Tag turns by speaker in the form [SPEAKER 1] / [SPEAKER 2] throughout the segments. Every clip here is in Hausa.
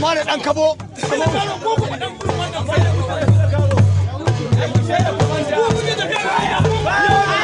[SPEAKER 1] kama
[SPEAKER 2] da dan kabo Yeah!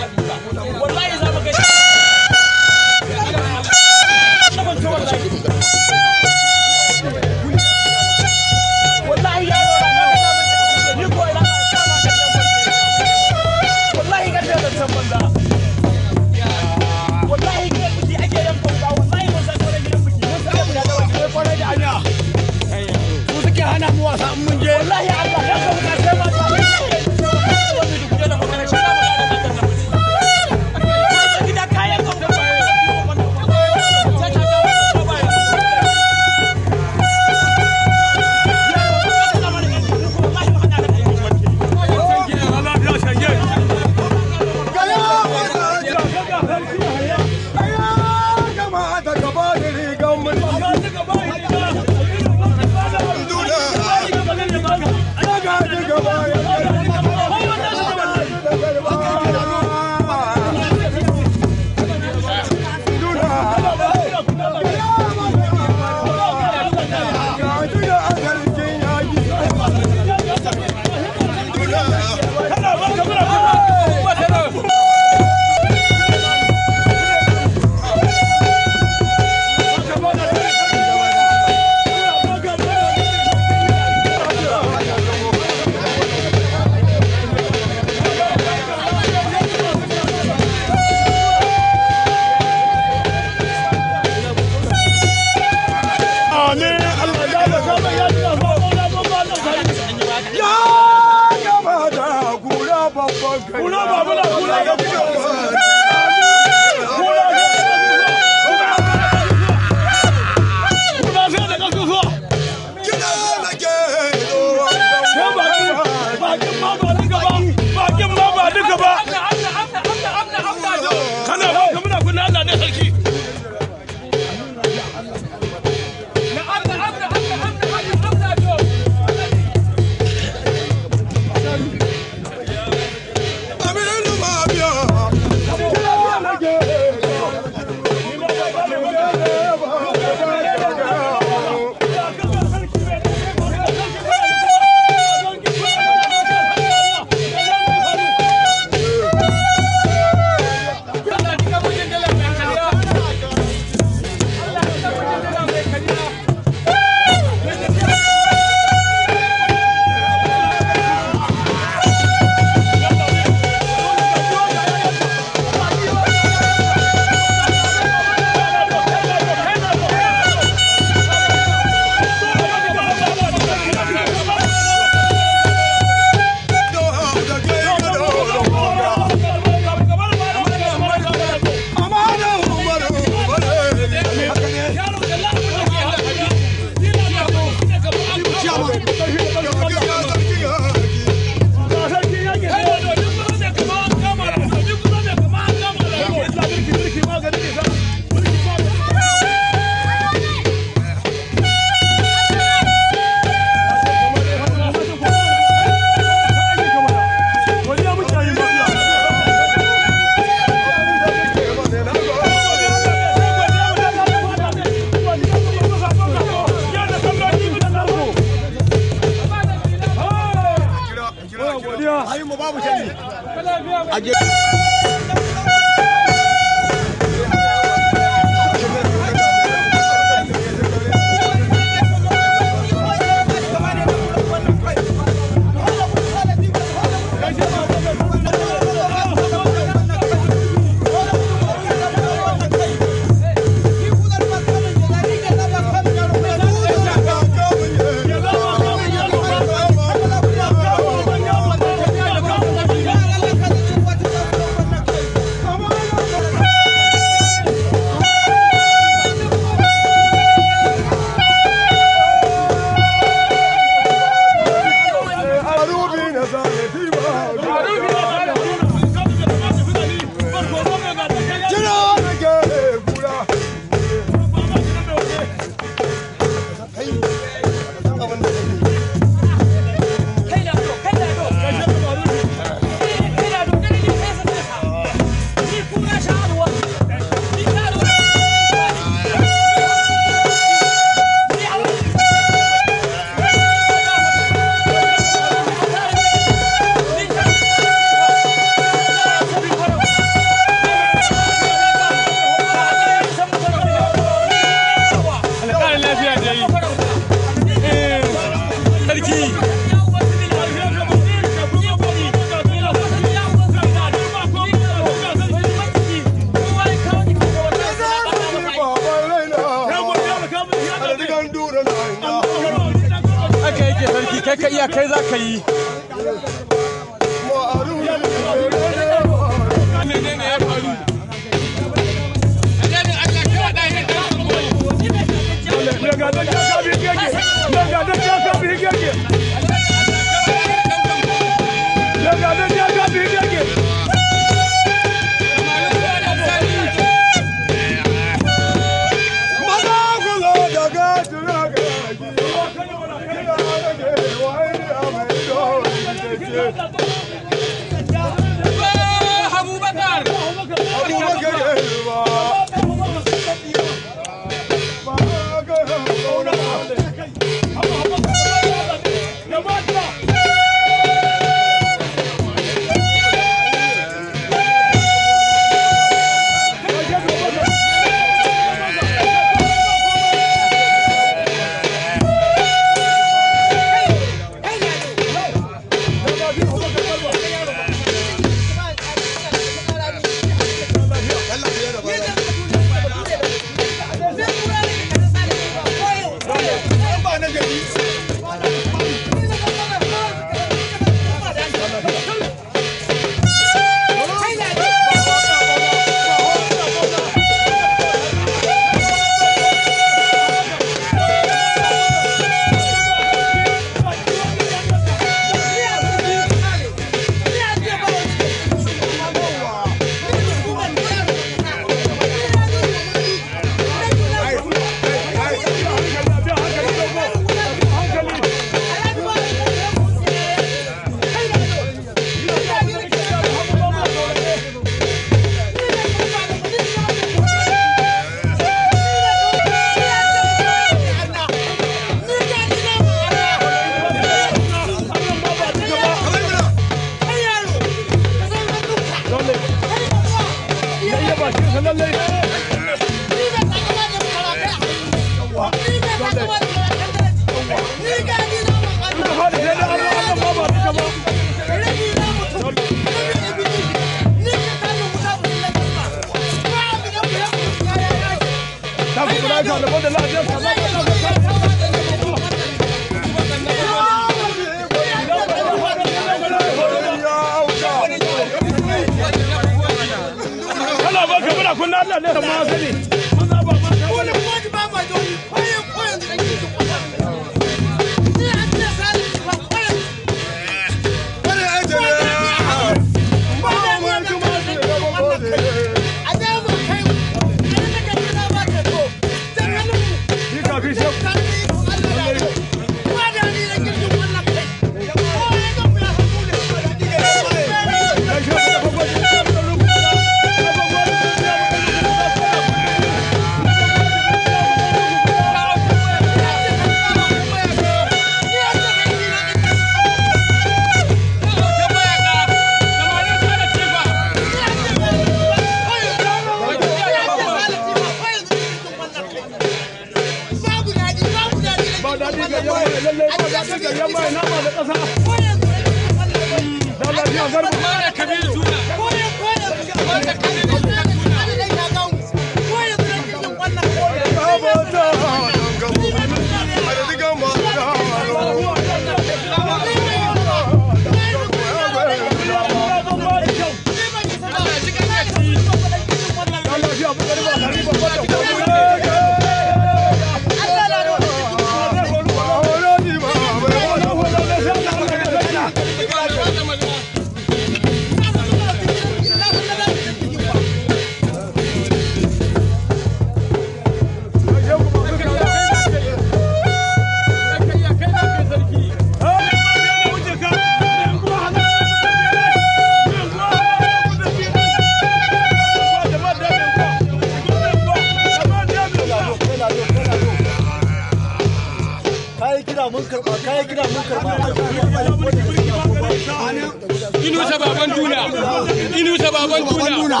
[SPEAKER 2] inusa baban duna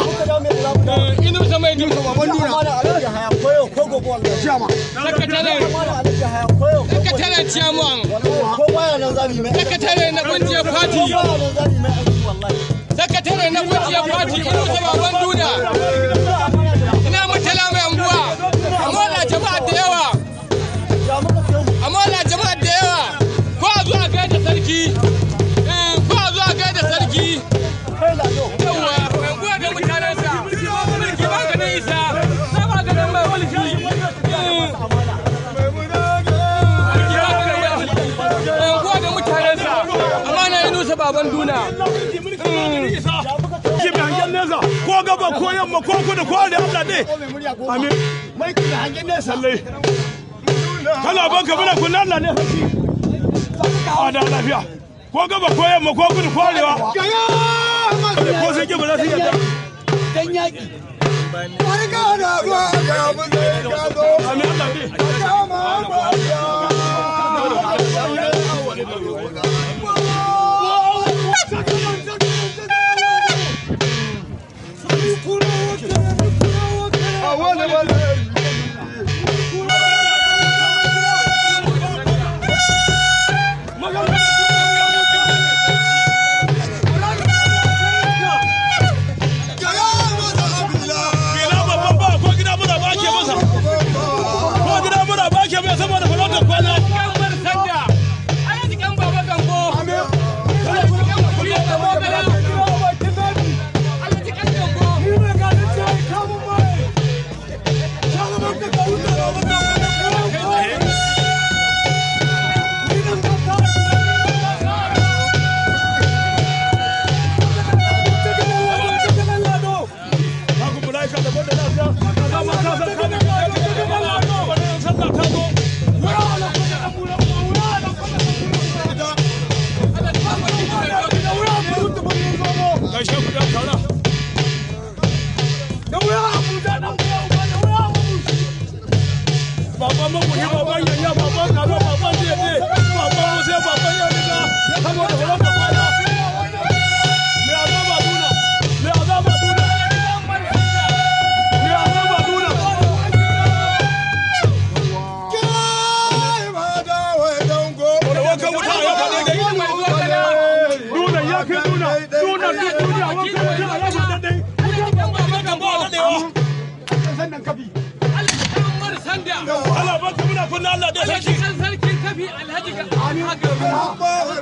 [SPEAKER 2] eh, inusa mai duna baban duna sakataren ciyaman sakataren na kwanciyar fati sakataren na kwanciyar fati inusa baban duna ba ko yan ma ko da ko ne Allah ne amin mai kula hangen ne sallai kana ban ka bana kula Allah ne fashi a da lafiya ko ga ba ko yan ma ko da ko ne wa ko sai ki bala sai ya dan yaki barka da ruwa ga mu sai ka zo amin Allah ne Rapaz,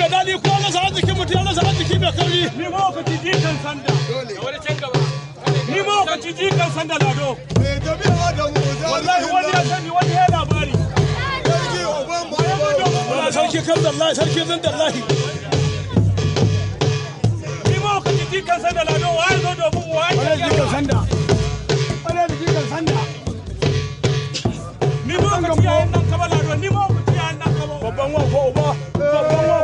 [SPEAKER 2] da dadi ko rasa arziki mutum ya rasa arziki mai kauri. Ni ma ka ci jikan sanda. Wani can gaba. Ni ma ka ci jikan sanda lado. Me jami'a da mu Wallahi wani ya sani wani ya labari. Sarki oban mu. Sarki kan dallahi sarki zan dallahi. Ni ma ka ci jikan sanda lado wa ya zo domin wa ya Wani jikan sanda. Wani jikan sanda. Ni ma ka ci yayin lado ni ma ka ci yayin Babban wa ko Babban wa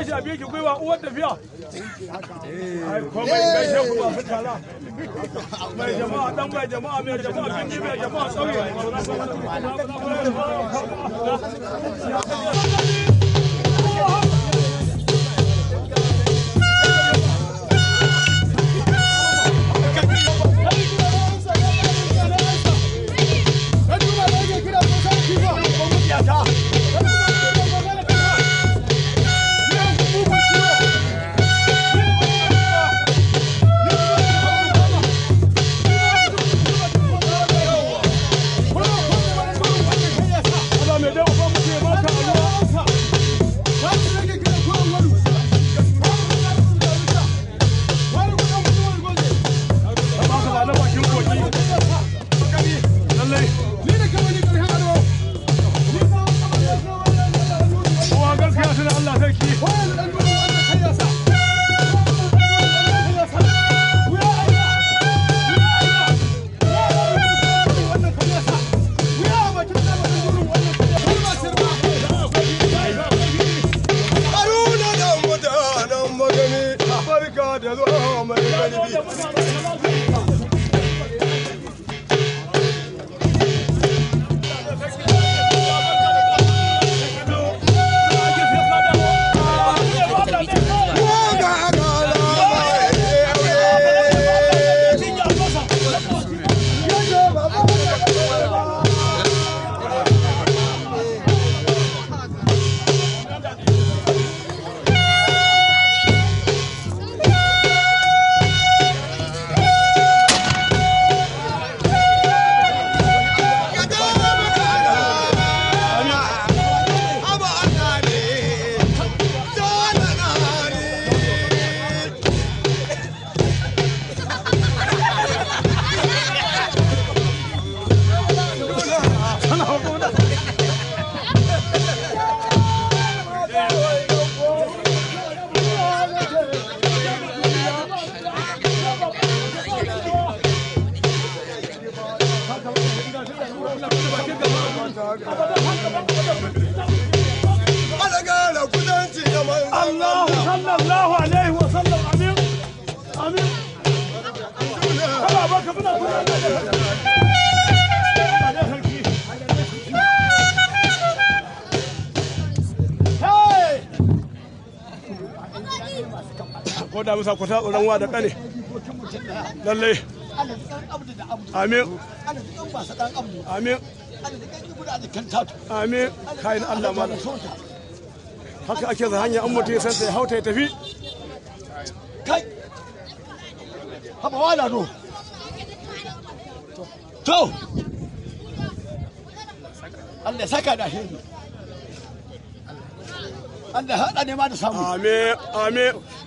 [SPEAKER 2] tashi a ki gwiwa uwar tafiya komai gaishe ku ba su kala mai jama'a dan mai jama'a mai jama'a bindi mai jama'a sauye haɗa musa kwata tsoron wa da ƙane lalle amin amin amin kayan allah mala haka ake za hanyar an ya san sai hauta ya tafi kai haba wala no to allah ya saka da shi Allah haɗa ne ma da samu. Amin, amin.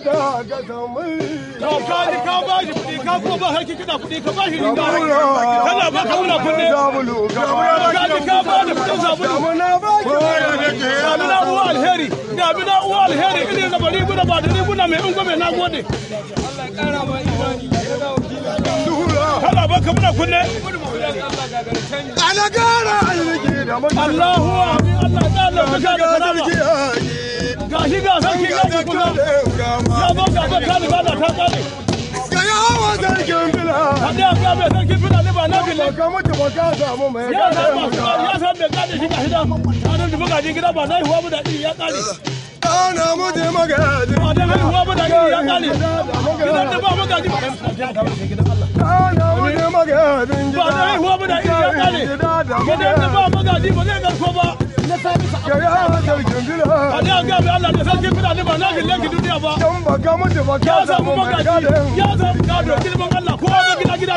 [SPEAKER 2] da ga zamai ka ni ka ka ba harki ka kana ba ka kunne zabulu ka ni ka uwa alheri da uwa alheri da bari ba mai ungo mai nagode Allah ya kara ma imani ba ka muna kunne gara arziki da mutane Allahu amin Allah ya Allah da ga shi ga sarki ya kuma ya ga zo ta liba da ta tsare ya sarkin fila hadi ya kabe sarkin fila ne ba na fila ka mutu ba ka samu mai ya san ba ya san bai kada shi ga shi da ranar da gida ba yi huwa mu da ya tsare ana mutu magadi ba da haihuwa mu da ya tsare gidan da ba magadi ba ana mutu magadi ba da haihuwa mu da ya tsare gidan da ba ba zai garko ba na sami sa sarkin bida ba na duniya ba da ba ko ga gida gida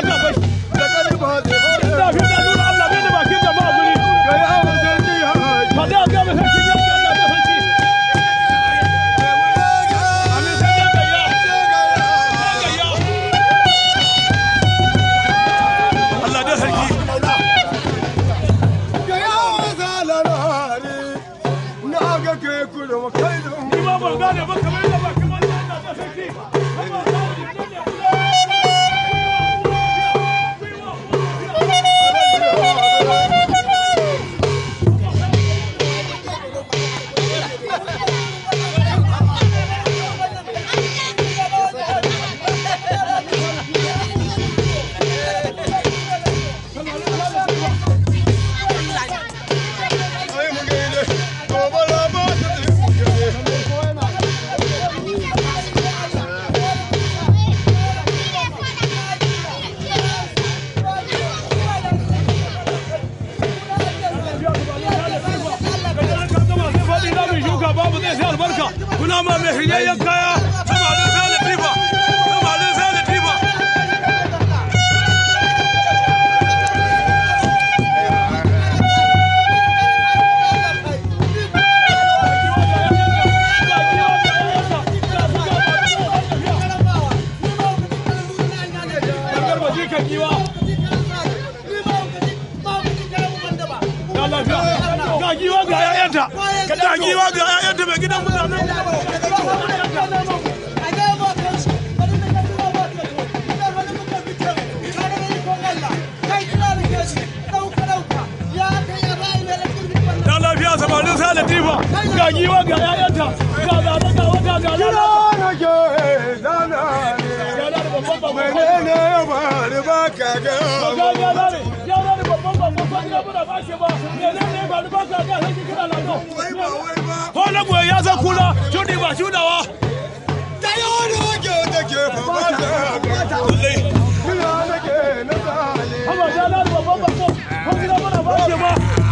[SPEAKER 2] ko na goyi ya zan kula shudi ba shudawa ta yi wani wake wata ke fafata Kila nake na tsale. Haba ta lalba babban ko, ko gida mana ba ke ba.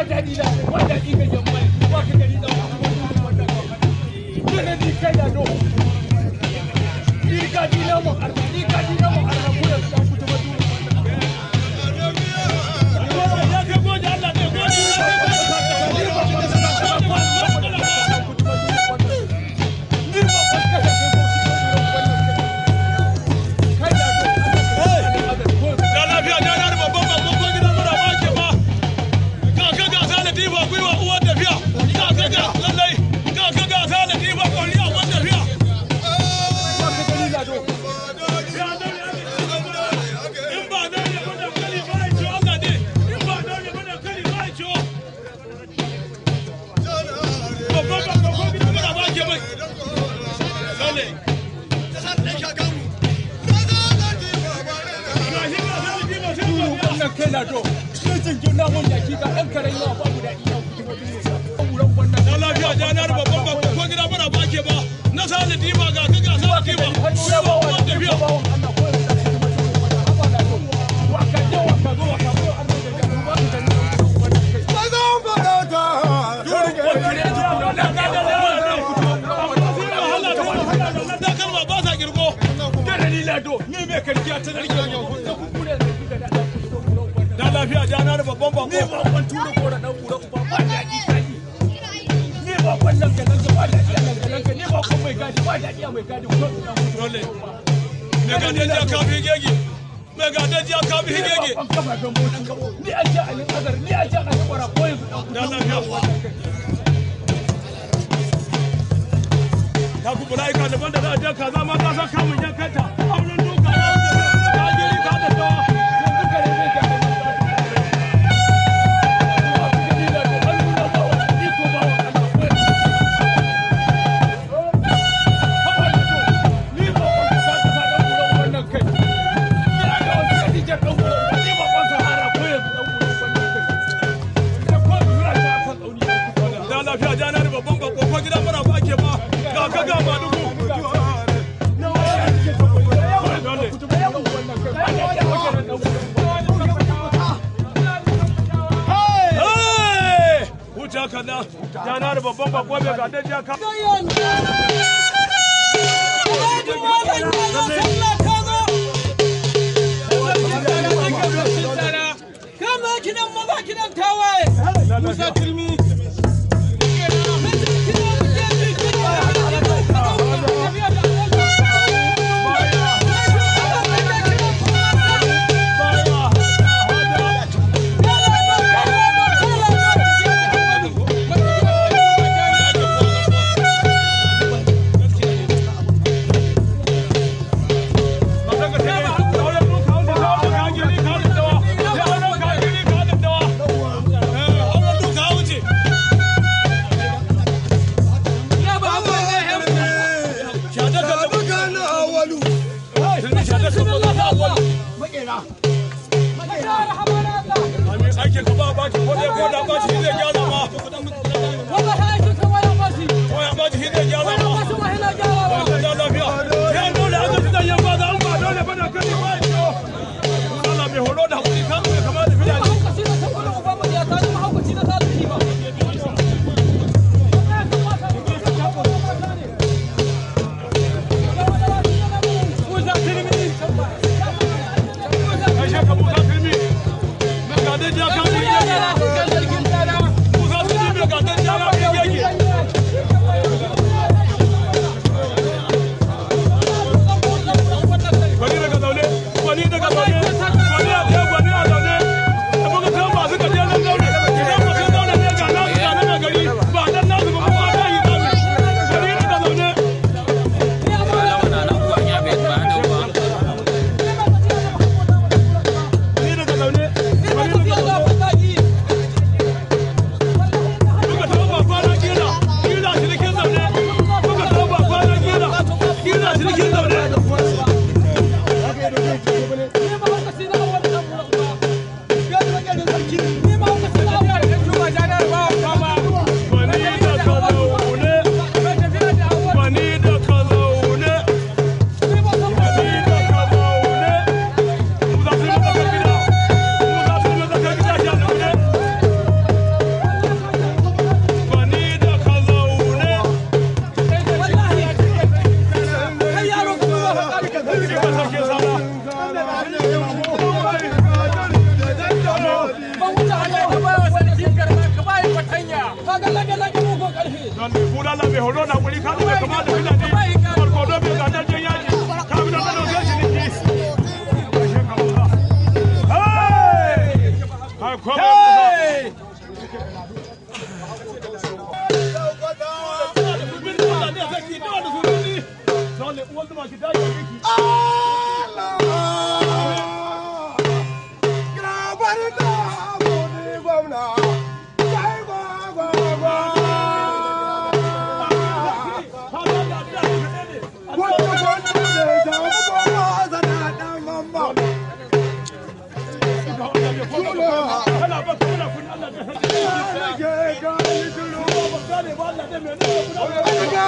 [SPEAKER 2] Why did いか。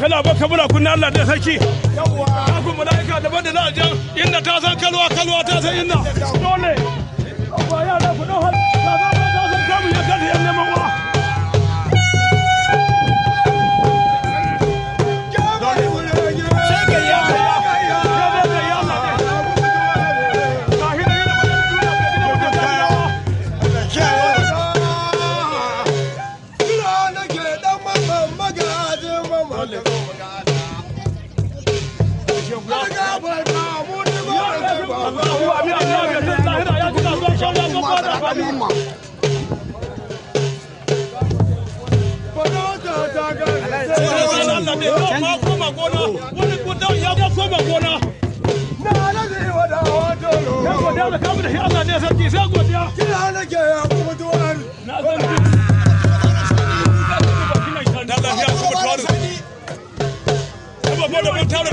[SPEAKER 2] kana ba kabura kun Allah da saki yawa kafin malaika daban da za a jan inda ta san kalwa kalwa ta san inda dole yawa yara ku dau hannu ta san ta san kamu ya kada yan neman wa Olha. Na godiya. Kina nake ya mutuwar. Na san babba da a taro an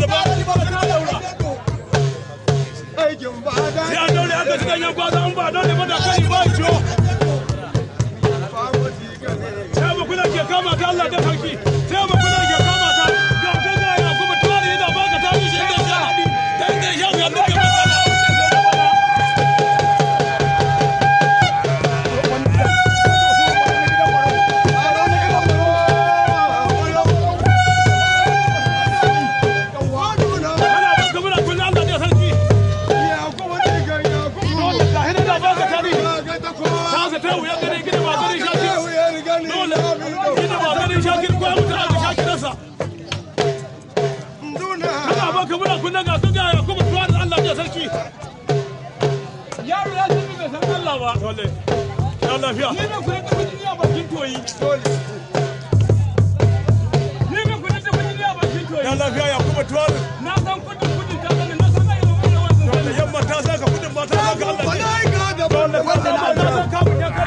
[SPEAKER 2] yan gwaza an ba daure ba ba jiyo sai ke Allah da gaban ka muna Allah ya sarki yaro ya bai san Allah ba dole ya lafiya ni ne bakin dole ni ne bakin ya lafiya na san kudin kudin ta na san mai dole yamma ta saka kudin ma ta saka Allah dole ta saka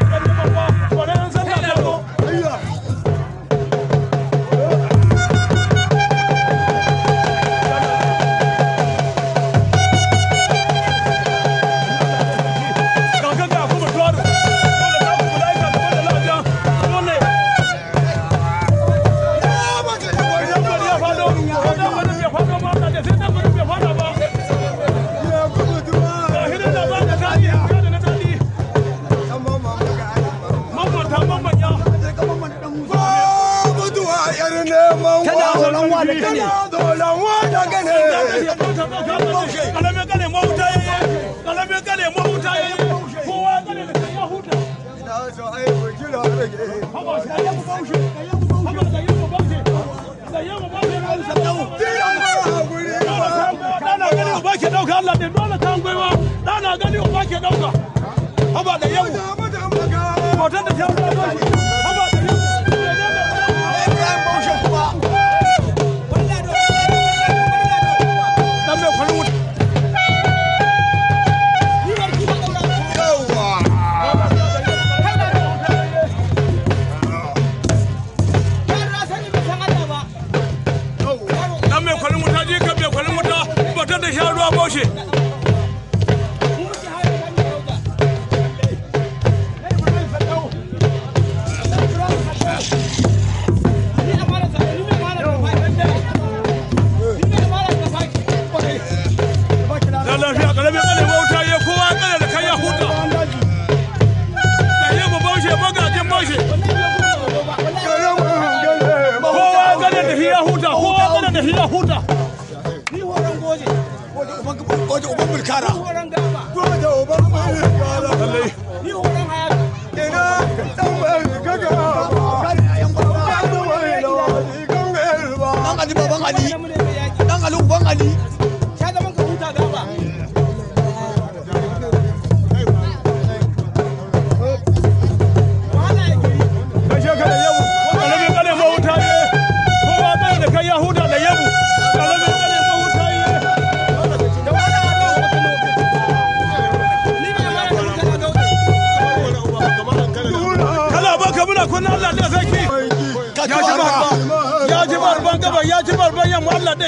[SPEAKER 2] 真的听。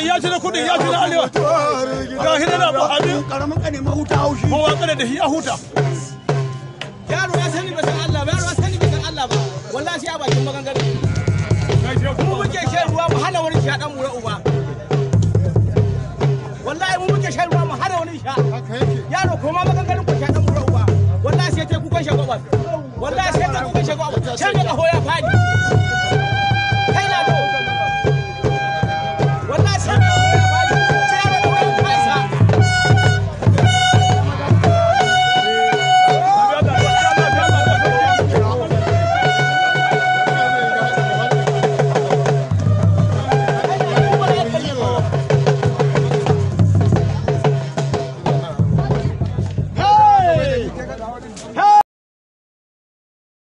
[SPEAKER 2] ya kudin ya ga ba abin karamin kane haushi ko da huta yaro ya sani bai san Allah ba yaro ya sani bai san Allah ba wallahi shi a bakin maganganu mu muke shan ruwa mu hana wani sha dan mura uba wallahi mu muke shan ruwa mu hana wani sha yaro koma maganganun ku sha dan mura uba wallahi sai ta kukan shagwabar wallahi sai ta kukan shagwabar shan ga kaho